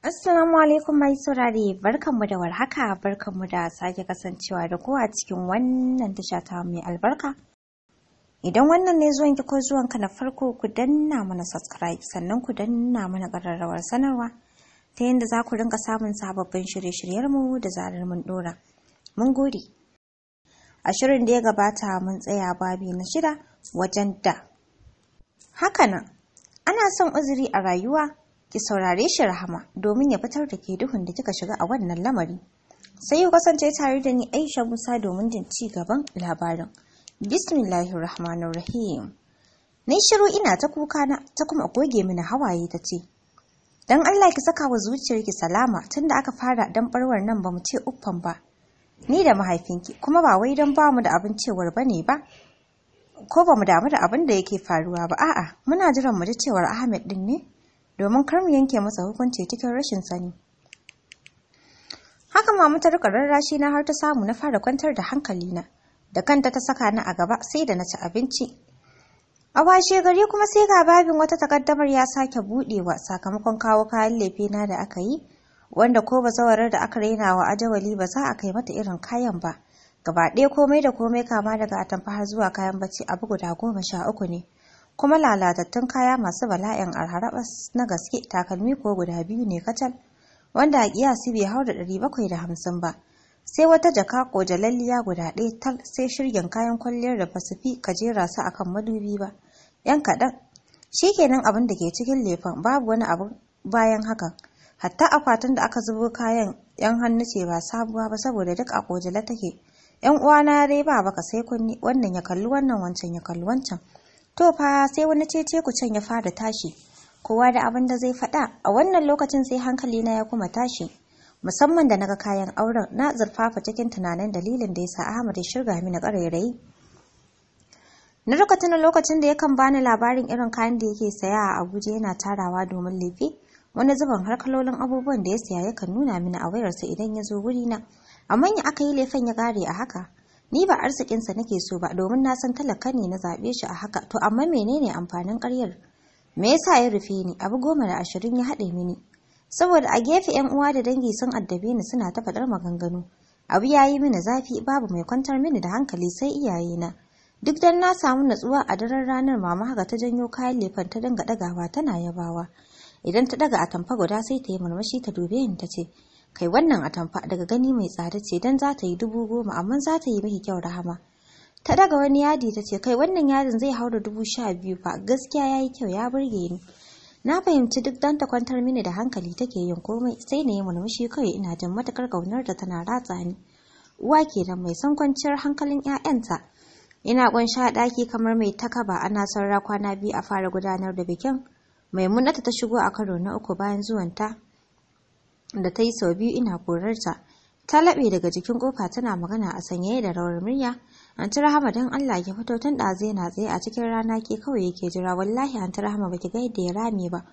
Assalamu alaikum mai saurare barkanmu da warhaka barkanmu da sake kasancewa da ku cikin wannan tasha ta mai albarka. Idan wannan ne zuwan ki ko zuwan ka na farko ku danna mana subscribe sannan ku danna mana ƙararrawar sanarwa ta yadda za ku rinka samun sababbin shirye-shiryenmu da zarar mun dora. Mun gode. A shirin da ya gabata mun tsaya babi na shida wajen da. Haka Hakanan ana son uzuri a rayuwa ki saurare shi rahama domin ya fitar da ke duhun da kika shiga a wannan lamari sai ku kasance tare da ni aisha musa domin jin ci gaban labarin bismillahi rahmanir rahim Ni shiru ina ta kuka na ta kuma goge mini hawaye ta ce dan allah ki saka wa zuciyar ki salama tunda aka fara dan barwar nan bamu ce uffan ba ni da mahaifinki kuma ba wai dan mu da abin cewar bane ba ko ba mu damu da abin da yake faruwa ba a'a muna jiran mu ji cewar ahmed din ne domin kar mu yanke masa hukunci cikin rashin sani haka ma mutar rika rarrashi na har ta samu na fara kwantar da hankali na. da kanta ta saka ni a gaba sai da na ci abinci a washe gari kuma sai ga babin wata takaddamar ya sake buɗewa sakamakon kawo kayan lefe na da aka yi wanda ko ba zawarar da aka raina wa ajawali ba za a kai mata irin kayan ba gaba ɗaya komai da komai kama daga atamfa har zuwa kayan bacci a abu guda goma sha uku ne kuma lalatattun kaya masu bala'in arharabas na gaske takalmi ko guda biyu ne kacal wanda a kiyasi bai hau da ɗari bakwai da hamsin ba sai wata jaka ko jalalliya guda ɗaya tal sai shirgin kayan kwalliyar da basufi ka jera su akan madubi ba yan kaɗan shikenan abin da ke cikin lefen babu wani abu bayan hakan hatta akwatin da aka zubo kayan yan hannu ce ba sabuwa ba saboda duk a kojala take yan uwana dai ba baka sai kunni wannan ya kalli wannan wancan ya kalli wancan to fa sai wani cece ku can ya fara tashi kowa da abin da zai faɗa a wannan lokacin sai hankali na ya kuma tashi musamman da naga kayan auren na zurfafa cikin tunanin dalilin da ya sa Ahmad ya shirga mini ƙarairayi na rika tuna lokacin da yakan bani labarin irin kayan da yake saya a Abuja yana tarawa domin lefe wani zuban har abubuwan da ya saya yakan nuna mini a wayarsa idan ya zo wurina amma ya aka yi lefen ya gare a haka Ni ba arzikinsa nake so ba domin na san talaka ne na zaɓe shi a haka, to amma menene amfanin ƙaryar? Me yasa ya rufe ni? Abu goma da ashirin ya haɗe mini. Saboda a gefe 'yan uwa da dangi sun addabe ni suna ta faɗar maganganu. Abu ya yi mini zafi babu mai kwantar mini da hankali sai iyaye na. Duk dan na samu natsuwa a daren ranar mama haka ta janyo kayan lefan ta dinga ɗagawa tana yabawa. Idan ta ɗaga atamfa guda sai ta yi murmushi ta dube ni ta ce, kai wannan atamfa daga gani mai tsada ce dan za ta yi dubu goma amma za ta yi miki kyau rahama ta daga wani yadi ta ce kai wannan yadin zai hau da dubu sha biyu fa gaskiya ya yi kyau ya burge ni na fahimci duk dan ta kwantar mini da hankali take yin komai sai na yi murmushi kawai ina jin matakar kaunar da tana ratsa ni uwa kenan mai son kwanciyar hankalin 'ya'yanta ina kunsha a ɗaki kamar mai takaba ana ra kwana biyu a fara gudanar da bikin maimunata ta shigo a karo na uku bayan zuwanta da ta yi sau biyu ina korarta ta laɓe daga jikin ƙofa tana magana a sanyaye da rawar murya anti rahama don allah ki fito tun ɗazu yana tsaye a cikin rana ke kawai yake jira wallahi anti rahama baki ga yadda ya rame ba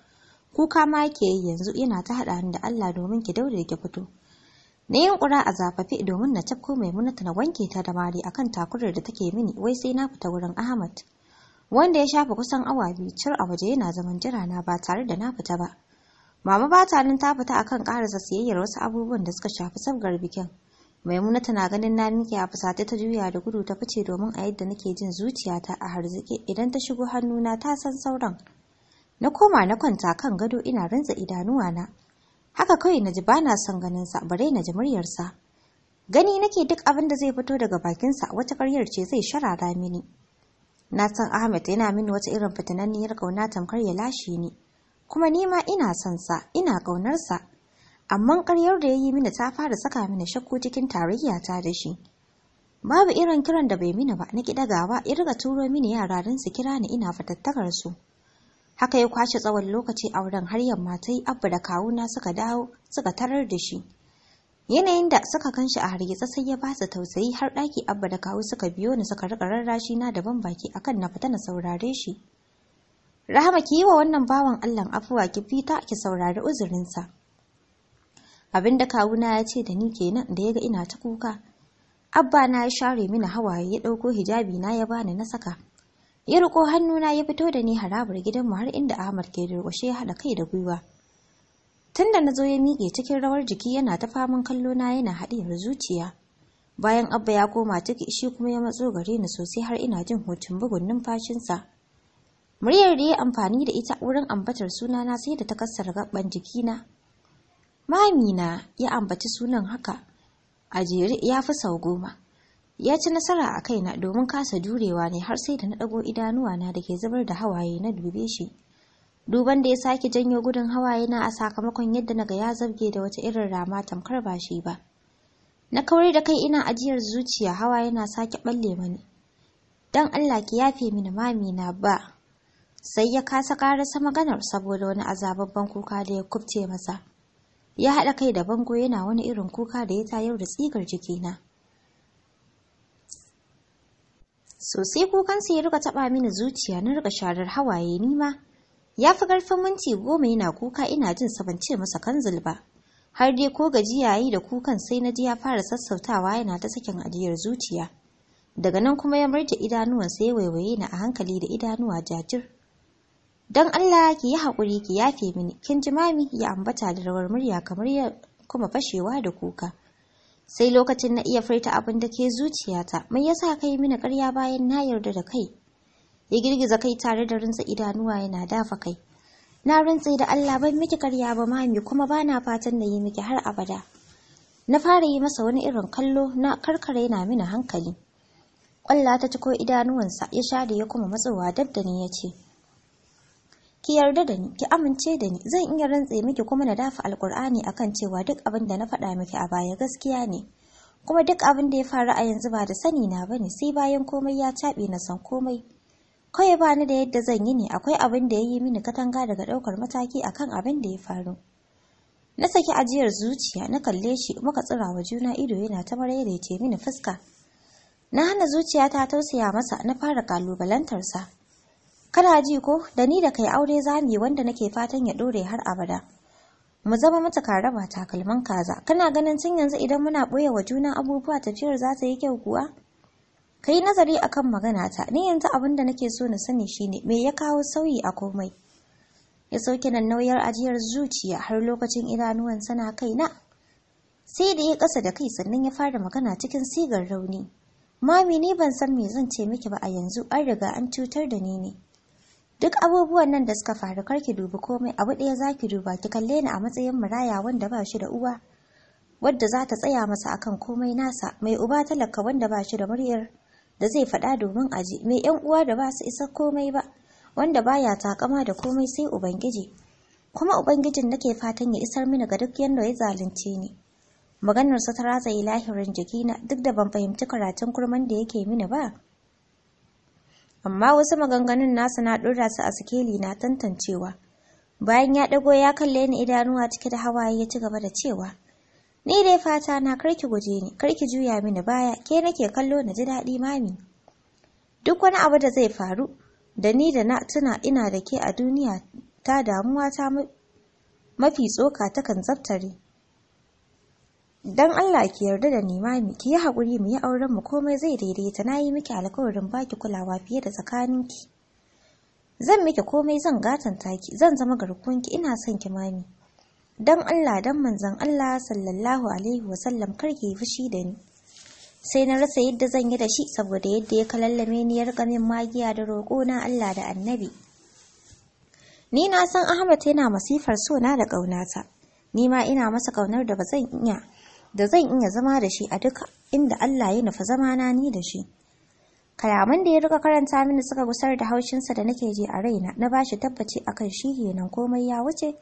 kuka ma ke yi yanzu yana ta haɗa ni da allah domin ki daure ki fito na yunkura a zafafe domin na tafko mai munata na wanke ta da mari akan takurar da take mini wai sai na fita wurin ahmad wanda ya shafa kusan awa biyu cir a waje yana zaman jira na ba tare da na fita ba Mama ba ta nan ta fita akan karasa siyayyar wasu abubuwan da suka shafi sabgar bikin. Maimuna tana ganin na miƙe a fusata ta juya da gudu ta fice domin a yadda nake jin zuciyata a harzike idan ta shigo hannuna ta san sauran. Na koma na kwanta kan gado ina rantsa na. Haka kawai na ji bana son ganinsa bare na ji muryarsa. Gani nake duk abin da zai fito daga bakinsa wata karyar ce zai sharara mini. Na san Ahmed yana mini wata irin fitinanniyar kauna tamkar ya lashe ni. kuma nima ina son sa ina ƙaunarsa amma ƙaryar da ya yi mini ta fara saka mini shakku cikin tarayya ta da shi babu irin kiran da bai mini ba na ki gawa ya riga turo mini yara don su kira ni ina fatattakar su haka ya kwashe tsawon lokaci a wurin har yamma ta yi abba da kawuna suka dawo suka tarar da shi yanayin da suka kan shi a hargitsa sai ya ba su tausayi har ɗaki abba da kawu suka biyo ni suka riƙa rarrashi na daban baki akan na fita na saurare shi Rahama ki yi wa wannan bawan Allahn afuwa ki fita ki saurari uzurinsa. Abinda kawuna ya ce da ni kenan da ya ga ina ta kuka. Abba na ya share mini hawaye ya dauko hijabi na ya bani na saka. Ya riko na ya fito da ni harabar gidanmu har inda Ahmad ke durƙushe ya haɗa kai da gwiwa. tunda da na zo ya mike cikin rawar jiki yana ta faman kallo na yana da zuciya. Bayan Abba ya koma ciki shi kuma ya matso gare ni sosai har ina jin hutun bugun numfashinsa. muryar da ya amfani da ita wurin ambatar sunana sai da ta kassara gaban jikina mamina ya ambaci sunan haka a jere ya fi sau goma ya ci nasara a kaina domin kasa jurewa ne har sai da na ɗago idanuwa na da ke zubar da hawaye na dube shi duban da ya sake janyo gudun hawaye na a sakamakon yadda naga ya zabge da wata irin rama tamkar ba shi ba na kawar da kai ina ajiyar zuciya hawaye na sake balle mani dan Allah ki yafe mini mami na ba sai ya kasa karasa maganar saboda wani azababban kuka da ya kubce masa ya haɗa kai da bango yana wani irin kuka da ya tayar da tsigar jikina sosai kukansa ya rika taɓa mini zuciya na rika sharar hawaye ni ma. ya fi ƙarfin minti goma yana kuka ina jin sabance masa kanzil ba har dai ko gajiya yi da kukan sai na ji ya fara sassautawa yana ta sakin ajiyar zuciya daga nan kuma ya murje idanuwan sai waiwaye ni a hankali da idanuwa jajir don Allah ki yi haƙuri ki yafe mini kin ji mami ya ambata da rawar murya kamar ya kuma fashewa da kuka sai lokacin na iya furta abin da ke zuciyata mai yasa kai mini ƙarya bayan na yarda da kai ya girgiza kai tare da rintsa idanuwa yana dafa kai na rintse da Allah ban miki ƙarya ba mami kuma ba na fatan na yi miki har abada na fara yi masa wani irin kallo na karkara yana mini hankali Ƙwallata ta ciko idanuwansa ya sha da ya kuma matsowa dab da ni ya ce ki yarda da ni ki amince da ni zan iya rantse miki kuma na dafa alkur'ani akan cewa duk abin da na faɗa miki a baya gaskiya ne kuma duk abin da ya faru a yanzu ba da sani na bane sai bayan komai ya taɓe na san komai kawai ba ni da yadda zan yi ne akwai abin da ya yi mini katanga daga ɗaukar mataki akan abin da ya faru na saki ajiyar zuciya na kalle shi muka tsira wa juna ido yana ta maraidaice mini fuska na hana zuciya ta tausaya masa na fara kalubalantarsa kana ji ko da ni da kai aure za mu yi wanda nake fatan ya dore har abada mu zama mata karama takalman kaza kana ganin tun yanzu idan muna boye wa juna abubuwa tafiyar za ta yi kyau kuwa ka yi nazari kan magana ta ni yanzu abin da nake so na sani shine me ya kawo sauyi a komai ya sauke nan nauyar ajiyar zuciya har lokacin idanuwan sana kaina sai da ya kasa da kai sannan ya fara magana cikin sigar rauni mami ni ban san me zan ce miki ba a yanzu an riga an cutar da ni ne Duk abubuwan nan da suka faru kar ki dubi komai abu ɗaya za ki duba ki kalle ni a matsayin maraya wanda ba shi da uwa. Wadda za ta tsaya masa akan komai nasa mai uba talaka wanda ba shi da muryar da zai faɗa domin aji mai ‘yan uwa da ba su isa komai ba wanda baya takama da komai sai Ubangiji. Kuma Ubangijin nake fatan ya isar mini ga duk yadda ya zalunce ni. Maganarsa ta ratsa lahirin jikina duk da ban fahimci karatun kurman da yake mini ba. amma wasu maganganun nasa na ɗora su a sikeli na tantancewa. Bayan ya ɗago ya kalle ni idanuwa cike da hawaye ya ci gaba da cewa, Ni dai fata na karki guje ni, karki juya mini baya, ke nake kallo na ji daɗi mami. Duk wani abu da zai faru, da ni da na tuna ina da ke a duniya ta damuwa ta mafi tsoka takan zaftare. dan Allah ki yarda da ni ki yi hakuri mu yi auren mu komai zai daidaita na yi miki alkawarin baki kulawa fiye da tsakanin ki zan miki komai zan gatanta ki zan zama garkuwanki ina son ki mami dan Allah dan manzon Allah sallallahu alaihi wa sallam, kar ki fushi da ni sai na rasa yadda zan yi da shi saboda yadda ya kalallame ni ya gamin magiya da roƙo na Allah da Annabi ni na san Ahmad yana masifar sona da ƙaunata ni ma ina masa ƙaunar da ba zan iya da zan iya zama da shi a duk inda Allah ya nufa na ni da shi. Kalaman da ya rika karanta mini suka gusar da haushinsa da nake ji a raina na bashi tabbaci akan shi kenan komai ya wuce.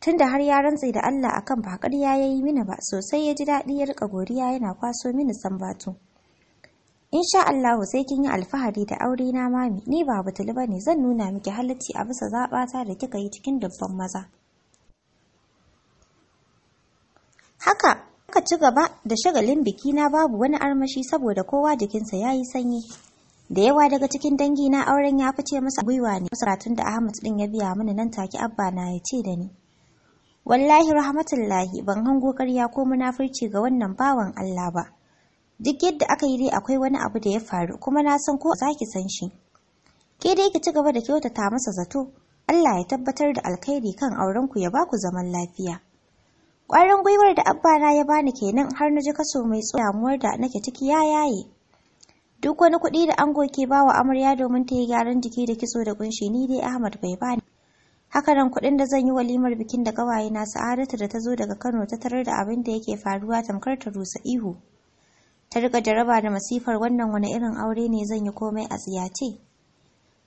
Tunda har ya rantsi da Allah akan ba ya yi mini ba sosai ya ji daɗi ya rika godiya yana kwaso mini sambatu. Insha Allahu sai kin yi alfahari da aure na mami ni ba ba ne. zan nuna miki halacci a bisa zaɓata da kika yi cikin dubban maza. Haka Aka ci gaba da shagalin biki na babu wani armashi saboda kowa jikinsa ya yi sanyi. Da yawa daga cikin dangi na auren ya fice masa gwiwa ne. Masaratun da Ahmad din ya biya mini nan take abba na ya ce da ni. Wallahi rahmatullahi ban hango ƙarya ko munafurci ga wannan bawan Allah ba. Duk yadda aka yi dai akwai wani abu da ya faru kuma na san ko za ki san shi. Ke dai ki ci gaba da kyautata masa zato. Allah ya tabbatar da alkhairi kan aurenku ya baku zaman lafiya. Ƙwarin gwiwar da abba na ya bani kenan har na ji kaso mai damuwar da nake ciki ya yaye. Duk wani kuɗi da ango ke bawa amarya domin ta yi gyaran jiki da kitso da kunshi ni dai Ahmad bai bani. Haka nan kuɗin da zan yi walimar bikin da gawaye na sa'adatu da ta zo daga Kano ta tarar da abin da yake faruwa tamkar ta rusa ihu. Ta riƙa jaraba da masifar wannan wani irin aure ne zan yi komai a tsiyace.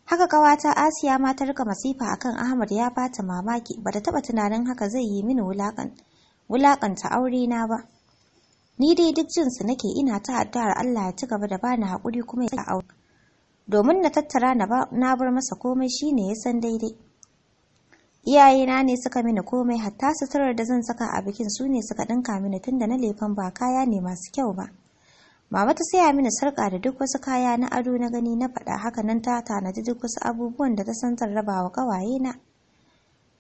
Haka kawata Asiya ma ta rika masifa akan Ahmad ya bata mamaki bata taɓa tunanin haka zai yi mini wulakan wulaƙanta aurena ba. Ni dai duk jinsu nake ina ta addu'ar Allah ya ci gaba da bani haƙuri kuma ya aure. Domin na tattara na bar masa komai shine ya san daidai. Iyayena ne suka mini komai hatta suturar da zan saka a bikin su ne suka ɗinka mini tunda na lefan ba kaya ne masu kyau ba. Mama ta saya mini sarƙa da duk wasu kaya na ado na gani na faɗa haka nan ta tanadi duk wasu abubuwan da ta san tarrabawa rabawa ƙawaye na.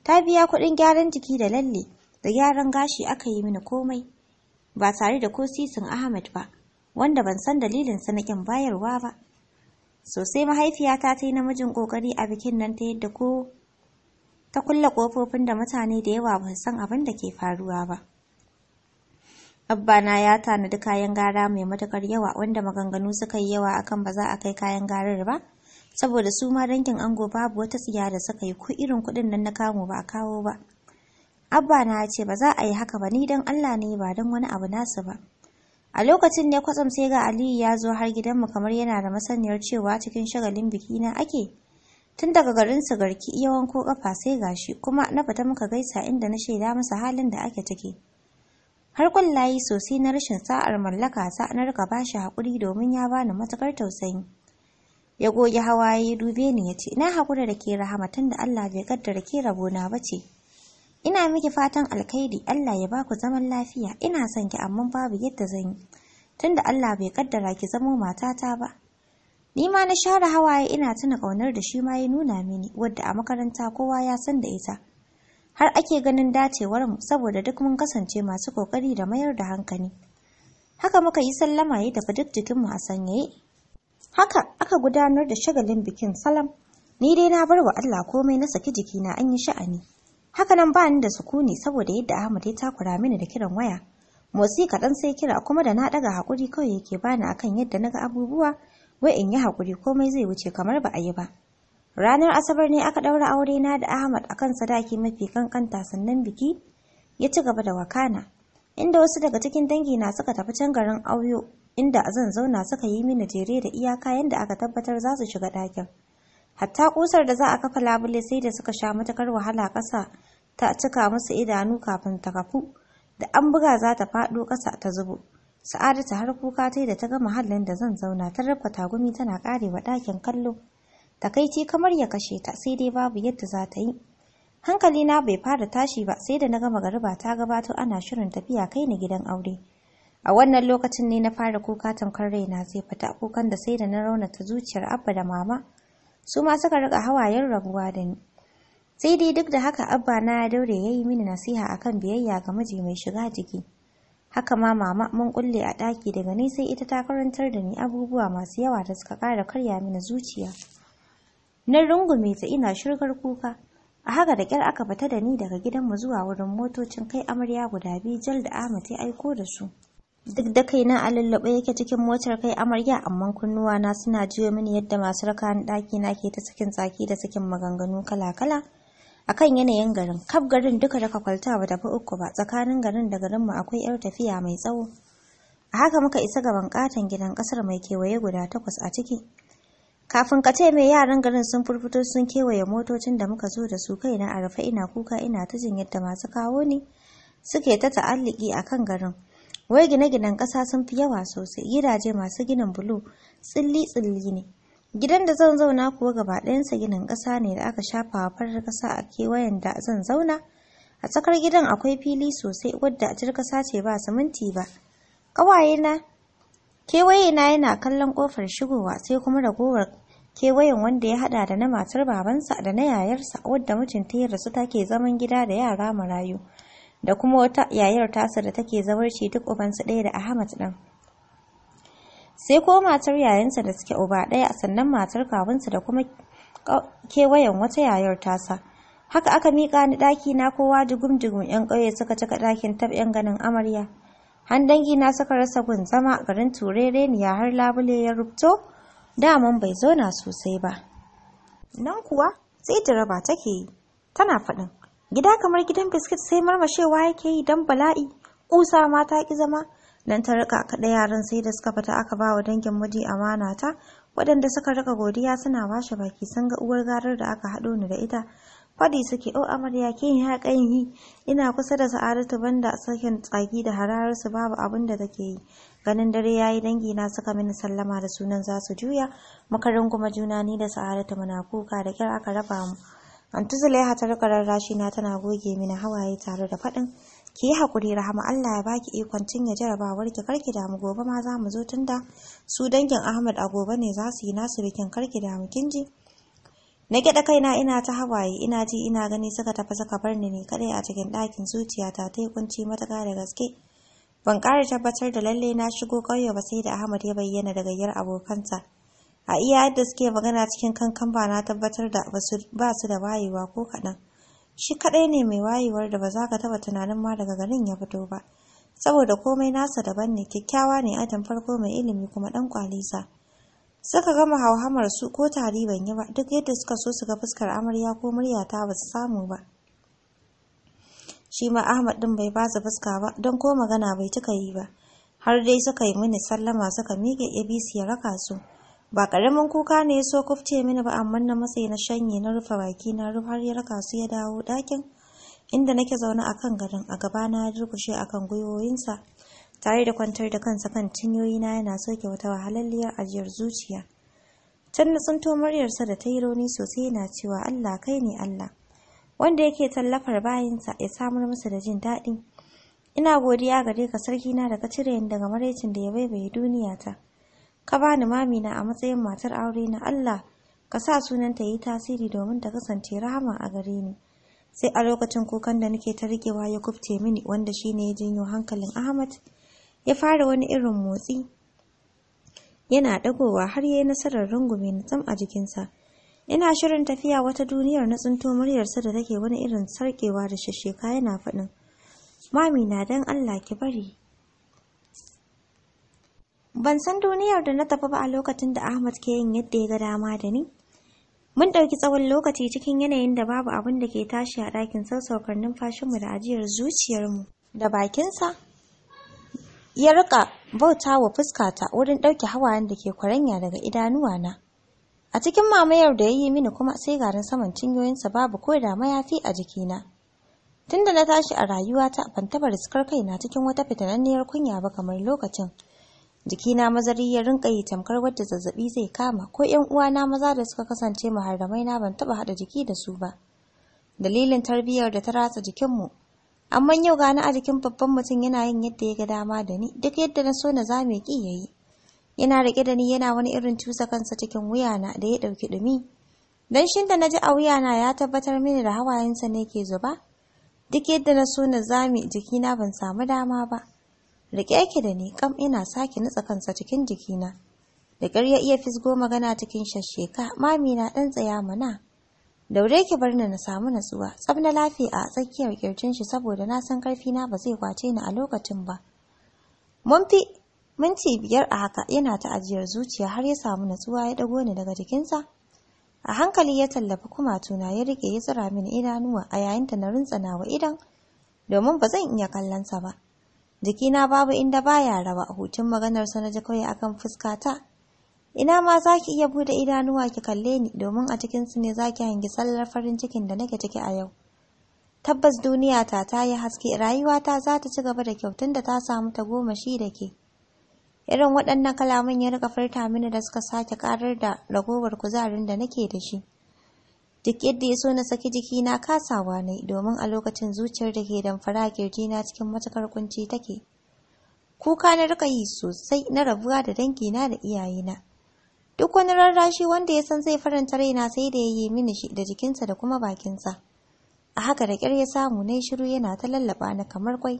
Ta biya kuɗin gyaran jiki da lalle, da gyaran gashi aka yi mini komai ba tare da ko sisin Ahmad ba wanda ban san dalilin sa na bayarwa ba sosai mahaifiyata ta yi namijin kokari a bikin nan ta yadda ko ta kulle kofofin da mutane da yawa ba san abin da ke faruwa ba abbana ya tanadi kayan gara mai matukar yawa wanda maganganu suka yi yawa akan ba za a kai kayan garar ba saboda su ma dangin ango babu wata tsiya da suka yi ko irin kuɗin nan na kamo ba a kawo ba abba na ya ce ba za a yi haka ba ni don allah ne ba don wani abu nasu ba a lokacin ne kwatsam sai ga aliyu ya zo har gidanmu kamar yana da masaniyar cewa cikin shagalin biki na ake tun daga garin su garki yawan ko kafa sai gashi kuma na fita muka gaisa inda na shaida masa halin da ake take har kwallaye sosai na rashin sa'ar mallaka sa na rika bashi hakuri domin ya bani matukar tausayi ya goge hawaye dube ni ya ce na hakura da ke rahama tun da Allah bai kaddara ke rabona ba ce Ina miki fatan alkhairi Allah ya baku zaman lafiya ina son ki amma babu yadda zan yi tunda Allah bai kaddara ki zamo matata ba Ni ma na share hawaye ina tuna kaunar da shi ma ya nuna mini wadda a makaranta kowa ya san da ita har ake ganin dacewar mu saboda duk mun kasance masu kokari da mayar da hankali Haka muka yi sallama ya tafi duk jikin mu a sanyaye Haka aka gudanar da shagalin bikin salam ni dai na bar wa Allah komai na saki jikina an yi sha'ani nan ba ni da sukuni saboda yadda Ahmad ya takura mini da kiran waya. Motsi kaɗan sai kira kuma da na ɗaga haƙuri kawai yake bani akan yadda na ga abubuwa wai in yi haƙuri komai zai wuce kamar ba a yi ba. Ranar Asabar ne aka ɗaura aure na da Ahmad akan sadaki mafi kankanta sannan biki ya ci gaba da wakana. Inda wasu daga cikin dangi na suka tafi can garin auyo inda zan zauna suka yi mini jere da iyaka yadda aka tabbatar za su shiga ɗakin. hatta kusar da za a kafa labule sai da suka sha matakar wahala ƙasa ta cika musu idanu kafin ta kafu da an buga za ta faɗo ƙasa ta zubo sa'adatu har kuka ta da ta ga muhallin da zan zauna ta rabka tagumi tana kare wa ɗakin kallo takaici kamar ya kashe ta sai dai babu yadda za ta yi Hankali na bai fara tashi ba sai da na gama gariba ta gabato ana shirin tafiya kai ni gidan aure a wannan lokacin ne na fara kuka tamkar raina zai fita kukan da sai da na raunata zuciyar abba da mama su ma suka rika hawayen rabuwa da ni sai dai duk da haka abba na ya daure ya yi mini nasiha a kan biyayya ga miji mai shiga jiki haka ma mama mun kulle a ɗaki daga ni sai ita ta karantar da ni abubuwa masu yawa da suka ƙara karya mini zuciya na rungume ta ina shirgar kuka a haka da kyar aka fita da ni daga gidanmu zuwa wurin motocin kai amarya guda biyu jal da ahmad ya aiko da su duk da kaina a lullube yake cikin motar kai amarya amma kunnuwa na suna jiyo mini yadda masu rakan ɗaki na ke ta sakin tsaki da sakin maganganu kala-kala A kan yanayin garin kaf garin duka da kwalta ba tafi uku ba tsakanin garin da garin mu akwai yar tafiya mai tsawo a haka muka isa gaban katon gidan kasar mai kewaye guda takwas a ciki kafin ka ce mai yaran garin sun furfuto sun kewaye motocin da muka zo da su kaina a rufe ina kuka ina ta jin yadda masu kawo ni suke ta ta'alliki a kan garin wai gine-ginen ƙasa sun fi yawa sosai gidaje masu ginin bulu tsilli-tsilli ne gidan da zan zauna kuwa gaba ɗayansa ginin ƙasa ne da aka shafa wa farar ƙasa a kewayen da zan zauna a tsakar gidan akwai fili sosai wadda jar ƙasa ce ba siminti ba ƙawaye na kewaye na yana kallon ƙofar shigowa sai kuma ragowar kewayen wanda ya haɗa da na matar babansa da na yayarsa wadda mijinta ya rasu take zaman gida da yara marayu da kuma wata yayar tasa da take zawarci duk ubansu ɗaya da Ahmad ɗin. Sai ko matar yayansa da suke uba ɗaya sannan matar kawunsa da kuma kewayen wata yayar tasa. Haka aka miƙa ni ɗaki na kowa dugum-dugum ƴan ƙauye suka cika ɗakin tab ƴan ganin amarya. Han dangi na suka rasa gun zama garin turereniya har labule ya rubto, daman bai zauna sosai ba. Nan kuwa sai jaraba take yi, tana faɗin. Gida kamar gidan biskit sai marmashewa yake yi don bala'i, kusa ma ta ƙi zama, nan ta rika kaɗa yaran sai da suka fita aka ba wa dangin miji amana ta, waɗanda suka rika godiya suna washe baki sun ga uwar garar da aka haɗo ni da ita. Faɗi suke, o amarya ke ya ƙayin yi, ina kusa da sa'adatu banda sakin tsaki da su babu abin da take yi. ganin dare yayi dangi na suka mini sallama da sunan za su juya muka runguma juna ni da sa'adatu muna kuka da kyar aka raba mu Anti Zulaiha ta rika rarrashi na tana goge mini hawaye tare da faɗin ki yi hakuri rahama Allah ya baki ikon cinye jarabawar ki karki damu gobe ma za mu zo tunda su dangin Ahmad a gobe ne za su yi nasu bikin karki damu kinji na gyaɗa kaina ina ta hawaye ina ji ina gani suka tafi suka bar ni ne kadai a cikin ɗakin zuciyata ta yi kunci matuƙa da gaske ban ƙara tabbatar da lalle na shigo ƙauye ba sai da Ahmad ya bayyana da gayyar abokansa a iya yadda suke magana cikin kankan ba na tabbatar da ba su da wayewa ko kaɗan shi kaɗai ne mai wayewar da ba za ka taɓa tunanin ma daga garin ya fito ba saboda komai nasa daban ne kyakkyawa ne ajin farko mai ilimi kuma ɗan kwalisa suka gama hauhamar su ko tari ban yi ba duk yadda suka so su ga fuskar amarya ko muryata ba su samu ba shi ma ahmad ɗin bai ba su fuska ba don ko magana bai cika yi ba har dai suka yi mini sallama suka miƙe abc ya raka su ba karamin kuka ne ya so kufce mini ba amma na matsayi na shanye na rufe baki na rufe har ya raka su ya dawo ɗakin inda nake zaune a kan gadon a gaba na durkushe a kan gwiwoyinsa tare da kwantar da kansa kan na yana soke wata wahalalliyar ajiyar zuciya can na tsinto muryarsa da ta yi rauni sosai yana cewa allah kai ne allah wanda yake tallafar bayinsa ya samar masa da jin daɗi ina godiya gare ka sarki na da cire ni daga maraicin da ya baibaye duniya ta ka bani mamina a matsayin matar aure na Allah ka sa sunanta yi tasiri domin ta kasance rahama a gare ni sai a lokacin kukan da nake ta rikewa ya kufce mini wanda shi ne ya janyo hankalin Ahmad ya fara wani irin motsi yana dagowa har yayi nasarar rungume na tsam a jikinsa ina shirin tafiya wata duniyar na tsinto muryarsa da take wani irin sarkewa da shasheka yana faɗin Mamina na dan Allah ki bari Ban san duniyar da na tafi ba a lokacin da Ahmad ke yin yadda ya ga dama da ni. Mun ɗauki tsawon lokaci cikin yanayin da babu abin da ke tashi a ɗakin sassaukar numfashinmu da ajiyar zuciyarmu da bakinsa. Ya riƙa bauta wa fuskata wurin ɗauke hawayen da ke kwaranya daga idanuwa na. A cikin mamayar da ya yi mini kuma sai garin saman cinyoyinsa babu ko da mayafi a jikina. Tunda na tashi a rayuwata ban taɓa riskar kaina cikin wata fitananniyar kunya ba kamar lokacin. jikina mazari ya rinka yi tamkar wadda zazzabi zai kama ko yan uwana maza da suka kasance maharamai na ban taba hada jiki da su ba dalilin tarbiyyar da ta ratsa jikinmu amma yau gani a jikin babban mutum yana yin yadda ya ga dama da ni duk yadda na so na zame ki yayi yana rike da ni yana wani irin cusa kansa cikin wuyana da ya dauki dumi shin da naji a wuyana ya tabbatar mini da hawayensa ne ke zuba duk yadda na so na zame jikina ban samu dama ba Rike yake da ni kam ina sake nutsa kansa cikin jikina. Da kar ya iya fisgo magana cikin shasheka mami na ɗan tsaya mana. Daure ki bar ni na samu natsuwa, tsab na lafiya a tsakiyar kirjin shi saboda na san karfi na ba zai kwace ni a lokacin ba. Mun fi minti biyar a haka yana ta ajiyar zuciya har ya samu natsuwa ya dago ni daga jikinsa. A hankali ya tallafi kumatuna ya rike ya tsira mini idanuwa a yayin da na rintsana wa idan domin ba zan iya kallonsa ba. Jikina babu inda baya rawa, hutun maganar sa na ji kawai akan fuskata. Ina ma zaki iya bude idanuwa ki kalle ni domin a cikin su ne zaki ki hangi sallar farin cikin da nake take a yau. Tabbas duniyata ta yi haske rayuwata za ta ci gaba da kyautun da ta samu ta goma shi da ke. Irin waɗannan kalaman ya rika furta mini da suka sake karar da ragowar kuzarin da nake da shi. duk yadda ya so na saki jiki na kasawa ne domin a lokacin zuciyar da ke damfara kirji na cikin matakar kunci take kuka na rika yi sosai na rabuwa da dangi na da iyayena duk wani rarrashi wanda ya san zai faranta raina sai da ya yi mini shi da jikinsa da kuma bakinsa a haka da kyar ya samu na shiru yana ta lallaba na kamar kwai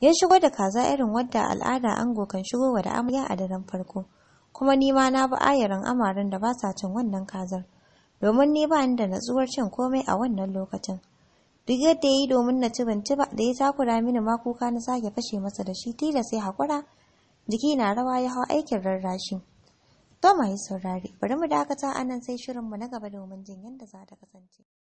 ya shigo da kaza irin wadda al'ada ango kan shigo wa da amarya a daren farko kuma nima na ba ayaran amarin da ba sa cin wannan kazar domin ni ba ni da natsuwar cin komai a wannan lokacin. Duk yadda ya yi domin na ci ban ba da ya takura mini ma kuka na sake fashe masa da shi tilas sai haƙura jiki na rawa ya hau aikin rarrashi. To mai saurari, bari mu dakata anan sai shirinmu na gaba domin jin yadda za ta kasance.